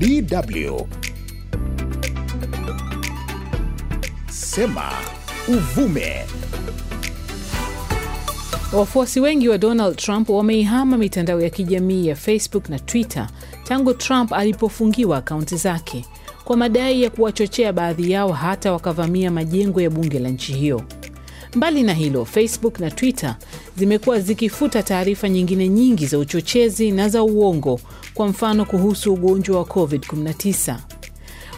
DW Sema Uvume. Wafuasi wengi wa Donald Trump wameihama mitandao ya kijamii ya Facebook na Twitter tangu Trump alipofungiwa akaunti zake kwa madai ya kuwachochea baadhi yao hata wakavamia majengo ya bunge la nchi hiyo. Mbali na hilo, Facebook na Twitter zimekuwa zikifuta taarifa nyingine nyingi za uchochezi na za uongo kwa mfano kuhusu ugonjwa wa COVID-19.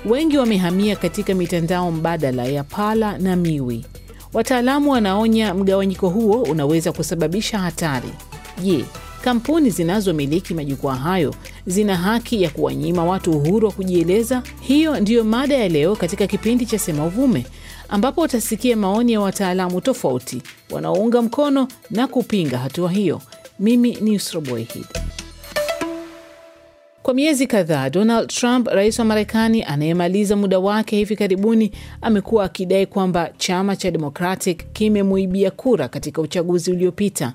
Wengi wamehamia katika mitandao mbadala ya Pala na Miwi. Wataalamu wanaonya mgawanyiko huo unaweza kusababisha hatari. Je, kampuni zinazomiliki majukwaa hayo zina haki ya kuwanyima watu uhuru wa kujieleza? Hiyo ndiyo mada ya leo katika kipindi cha Sema Uvume, ambapo utasikia maoni ya wataalamu tofauti wanaounga mkono na kupinga hatua hiyo. Mimi ni Usroboehid. Kwa miezi kadhaa, Donald Trump, rais wa Marekani anayemaliza muda wake hivi karibuni, amekuwa akidai kwamba chama cha Democratic kimemuibia kura katika uchaguzi uliopita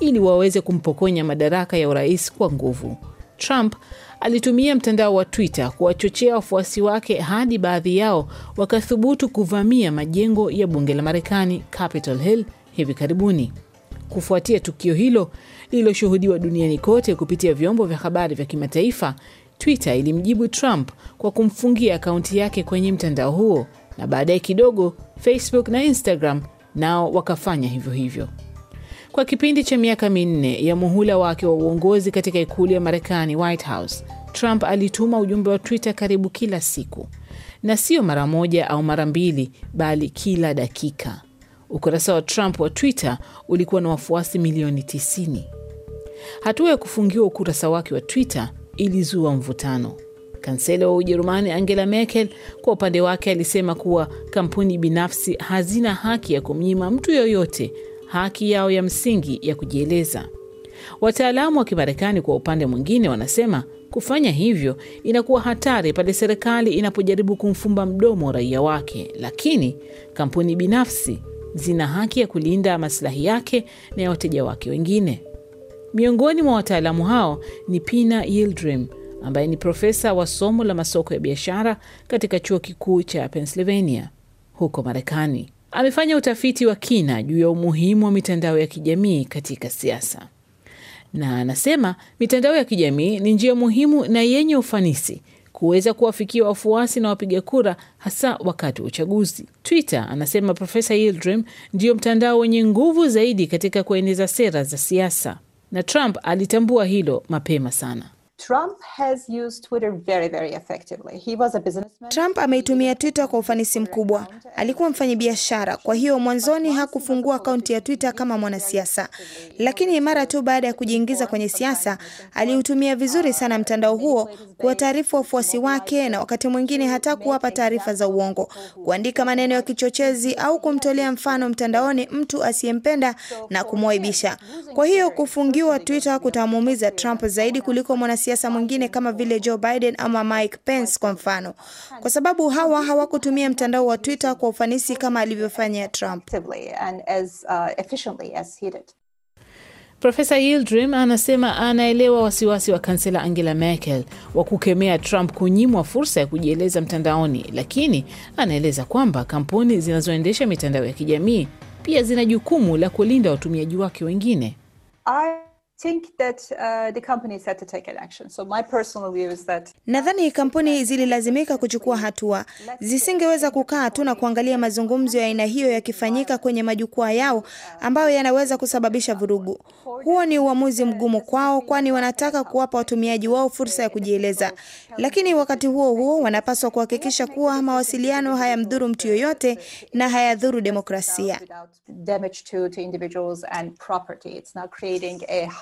ili waweze kumpokonya madaraka ya urais kwa nguvu. Trump alitumia mtandao wa Twitter kuwachochea wafuasi wake hadi baadhi yao wakathubutu kuvamia majengo ya bunge la Marekani, Capitol Hill, hivi karibuni. Kufuatia tukio hilo, lililoshuhudiwa duniani kote kupitia vyombo vya habari vya kimataifa, Twitter ilimjibu Trump kwa kumfungia akaunti yake kwenye mtandao huo, na baadaye kidogo Facebook na Instagram nao wakafanya hivyo hivyo. Kwa kipindi cha miaka minne ya muhula wake wa uongozi katika ikulu ya Marekani, White House, Trump alituma ujumbe wa Twitter karibu kila siku, na sio mara moja au mara mbili, bali kila dakika. Ukurasa wa Trump wa Twitter ulikuwa na wafuasi milioni 90. Hatua ya kufungiwa ukurasa wake wa Twitter ilizua mvutano. Kansela wa Ujerumani Angela Merkel kwa upande wake alisema kuwa kampuni binafsi hazina haki ya kumnyima mtu yoyote haki yao ya msingi ya kujieleza. Wataalamu wa Kimarekani kwa upande mwingine wanasema kufanya hivyo inakuwa hatari pale serikali inapojaribu kumfumba mdomo raia wake, lakini kampuni binafsi zina haki ya kulinda masilahi yake na ya wateja wake wengine. Miongoni mwa wataalamu hao ni Pina Yildrim ambaye ni profesa wa somo la masoko ya biashara katika chuo kikuu cha Pennsylvania huko Marekani. Amefanya utafiti wa kina juu ya umuhimu wa mitandao ya kijamii katika siasa, na anasema mitandao ya kijamii ni njia muhimu na yenye ufanisi kuweza kuwafikia wafuasi na wapiga kura, hasa wakati wa uchaguzi. Twitter, anasema Profesa Yildrim, ndiyo mtandao wenye nguvu zaidi katika kueneza sera za siasa na Trump alitambua hilo mapema sana. Trump has used Twitter very, very effectively. He was a businessman. Trump ameitumia Twitter kwa ufanisi mkubwa. Alikuwa mfanyabiashara, kwa hiyo mwanzoni hakufungua akaunti ya Twitter kama mwanasiasa, lakini mara tu baada ya kujiingiza kwenye siasa aliutumia vizuri sana mtandao huo kuwataarifu wafuasi wake, na wakati mwingine hata kuwapa taarifa za uongo, kuandika maneno ya kichochezi au kumtolea mfano mtandaoni mtu asiyempenda na kumwaibisha. Kwa hiyo kufungiwa Twitter kutamuumiza Trump zaidi kuliko mwanasiasa mwanasiasa mwingine kama vile Joe Biden ama Mike Pence kwa mfano, kwa sababu hawa hawakutumia mtandao wa Twitter kwa ufanisi kama alivyofanya Trump. Uh, Profesa Yildirim anasema anaelewa wasiwasi wa kansela Angela Merkel wa kukemea Trump kunyimwa fursa ya kujieleza mtandaoni, lakini anaeleza kwamba kampuni zinazoendesha mitandao ya kijamii pia zina jukumu la kulinda watumiaji wake wengine. I think that uh, the companies had to take an action. So my personal view is that nadhani kampuni zililazimika kuchukua hatua, zisingeweza kukaa tu na kuangalia mazungumzo ya aina hiyo yakifanyika kwenye majukwaa yao ambayo yanaweza kusababisha vurugu. Huo ni uamuzi mgumu kwao, kwani wanataka kuwapa watumiaji wao fursa ya kujieleza, lakini wakati huo huo wanapaswa kuhakikisha kuwa mawasiliano hayamdhuru mtu yoyote na hayadhuru demokrasia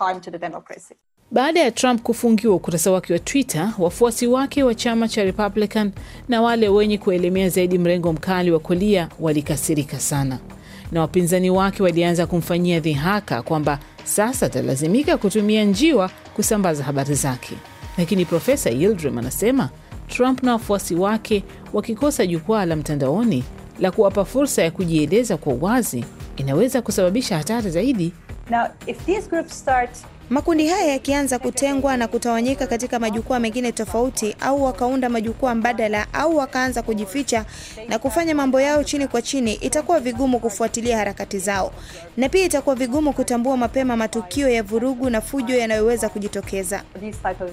harm to the democracy. Baada ya Trump kufungiwa ukurasa wake wa Twitter, wafuasi wake wa chama cha Republican na wale wenye kuelemea zaidi mrengo mkali wa kulia walikasirika sana, na wapinzani wake walianza kumfanyia dhihaka kwamba sasa atalazimika kutumia njiwa kusambaza habari zake. Lakini Profesa Yildirim anasema Trump na wafuasi wake wakikosa jukwaa la mtandaoni la kuwapa fursa ya kujieleza kwa uwazi inaweza kusababisha hatari zaidi Now, if these groups start makundi haya yakianza kutengwa na kutawanyika katika majukwaa mengine tofauti, au wakaunda majukwaa mbadala, au wakaanza kujificha na kufanya mambo yao chini kwa chini, itakuwa vigumu kufuatilia harakati zao, na pia itakuwa vigumu kutambua mapema matukio ya vurugu na fujo yanayoweza kujitokeza. These type of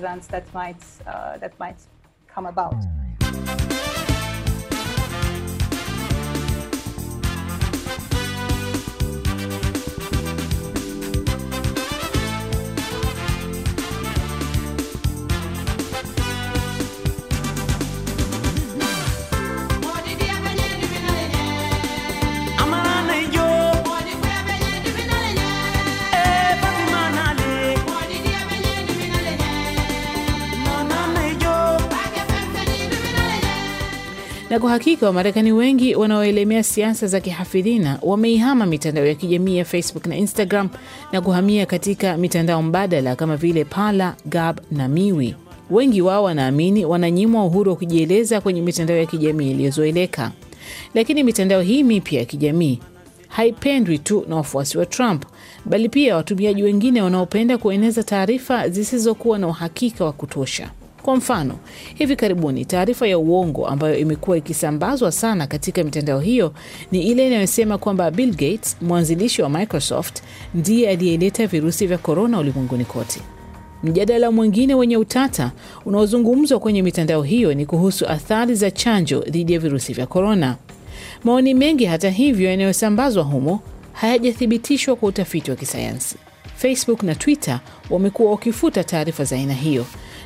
Na kwa hakika Wamarekani wengi wanaoelemea siasa za kihafidhina wameihama mitandao ya kijamii ya Facebook na Instagram na kuhamia katika mitandao mbadala kama vile Pala, Gab na Miwi. Wengi wao wanaamini wananyimwa uhuru wa kujieleza kwenye mitandao ya kijamii iliyozoeleka. Lakini mitandao hii mipya ya kijamii haipendwi tu na wafuasi wa Trump bali pia watumiaji wengine wanaopenda kueneza taarifa zisizokuwa na uhakika wa kutosha. Kwa mfano, hivi karibuni taarifa ya uongo ambayo imekuwa ikisambazwa sana katika mitandao hiyo ni ile inayosema kwamba Bill Gates, mwanzilishi wa Microsoft, ndiye aliyeleta virusi vya korona ulimwenguni kote. Mjadala mwingine wenye utata unaozungumzwa kwenye mitandao hiyo ni kuhusu athari za chanjo dhidi ya virusi vya korona. Maoni mengi, hata hivyo, yanayosambazwa humo hayajathibitishwa kwa utafiti wa kisayansi. Facebook na Twitter wamekuwa wakifuta taarifa za aina hiyo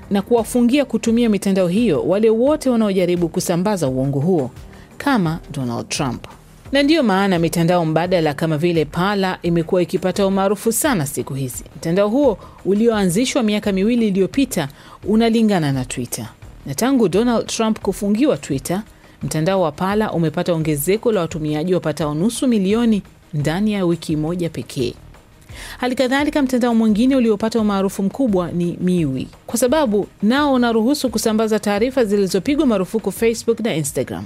na kuwafungia kutumia mitandao hiyo wale wote wanaojaribu kusambaza uongo huo kama Donald Trump. Na ndiyo maana mitandao mbadala kama vile pala imekuwa ikipata umaarufu sana siku hizi. Mtandao huo ulioanzishwa miaka miwili iliyopita unalingana na Twitter, na tangu Donald Trump kufungiwa Twitter, mtandao wa pala umepata ongezeko la watumiaji wapatao nusu milioni ndani ya wiki moja pekee. Hali kadhalika mtandao mwingine uliopata umaarufu mkubwa ni Miwi, kwa sababu nao unaruhusu kusambaza taarifa zilizopigwa marufuku Facebook na Instagram.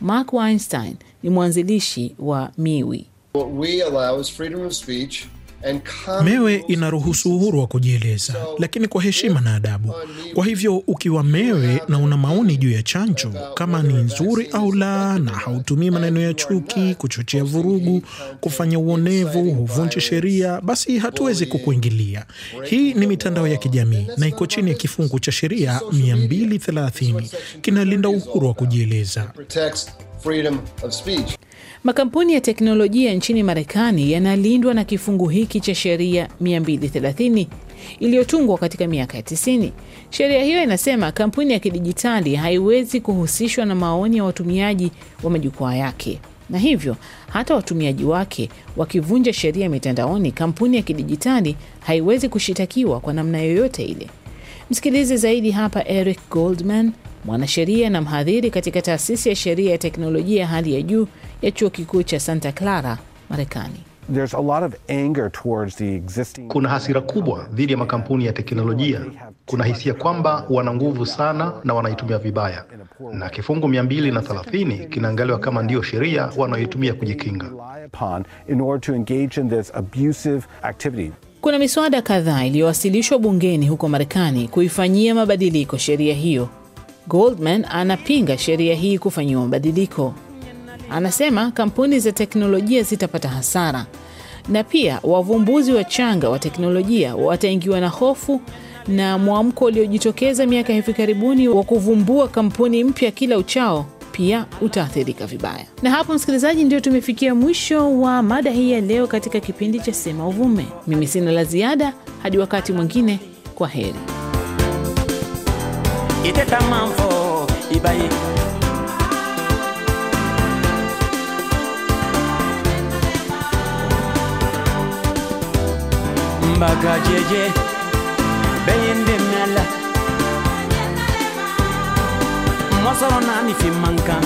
Mark Weinstein ni mwanzilishi wa Miwi. What we allow is freedom of speech Mewe inaruhusu uhuru wa kujieleza, lakini kwa heshima na adabu. Kwa hivyo ukiwa mewe na una maoni juu ya chanjo kama ni nzuri au la, na hautumii maneno ya chuki, kuchochea vurugu, kufanya uonevu, huvunji sheria, basi hatuwezi kukuingilia. Hii ni mitandao ya kijamii na iko chini ya kifungu cha sheria 230 kinalinda uhuru wa kujieleza. Makampuni ya teknolojia nchini Marekani yanalindwa na kifungu hiki cha sheria 230 iliyotungwa katika miaka ya 90. Sheria hiyo inasema kampuni ya kidijitali haiwezi kuhusishwa na maoni ya watumiaji wa majukwaa yake, na hivyo hata watumiaji wake wakivunja sheria mitandaoni, kampuni ya kidijitali haiwezi kushitakiwa kwa namna yoyote ile. Msikilize zaidi hapa Eric Goldman mwanasheria na mhadhiri katika taasisi ya sheria ya teknolojia ya hali ya juu ya chuo kikuu cha Santa Clara, Marekani. kuna hasira kubwa dhidi ya makampuni ya teknolojia. Kuna hisia kwamba wana nguvu sana na wanaitumia vibaya, na kifungu 230 kinaangaliwa kama ndiyo sheria wanayoitumia kujikinga. Kuna miswada kadhaa iliyowasilishwa bungeni huko Marekani kuifanyia mabadiliko sheria hiyo Goldman anapinga sheria hii kufanyiwa mabadiliko. Anasema kampuni za teknolojia zitapata hasara na pia wavumbuzi wa changa wa teknolojia wataingiwa na hofu na mwamko uliojitokeza miaka hivi karibuni wa kuvumbua kampuni mpya kila uchao pia utaathirika vibaya. Na hapo, msikilizaji, ndio tumefikia mwisho wa mada hii ya leo katika kipindi cha Sema Uvume. Mimi sina la ziada, hadi wakati mwingine, kwa heri. i tɛ taa man fɔ i b'a ye n baga jɛjɛ bɛɛ ye n dɛmɛ la mɔsɔrɔ n'a ni fin man kan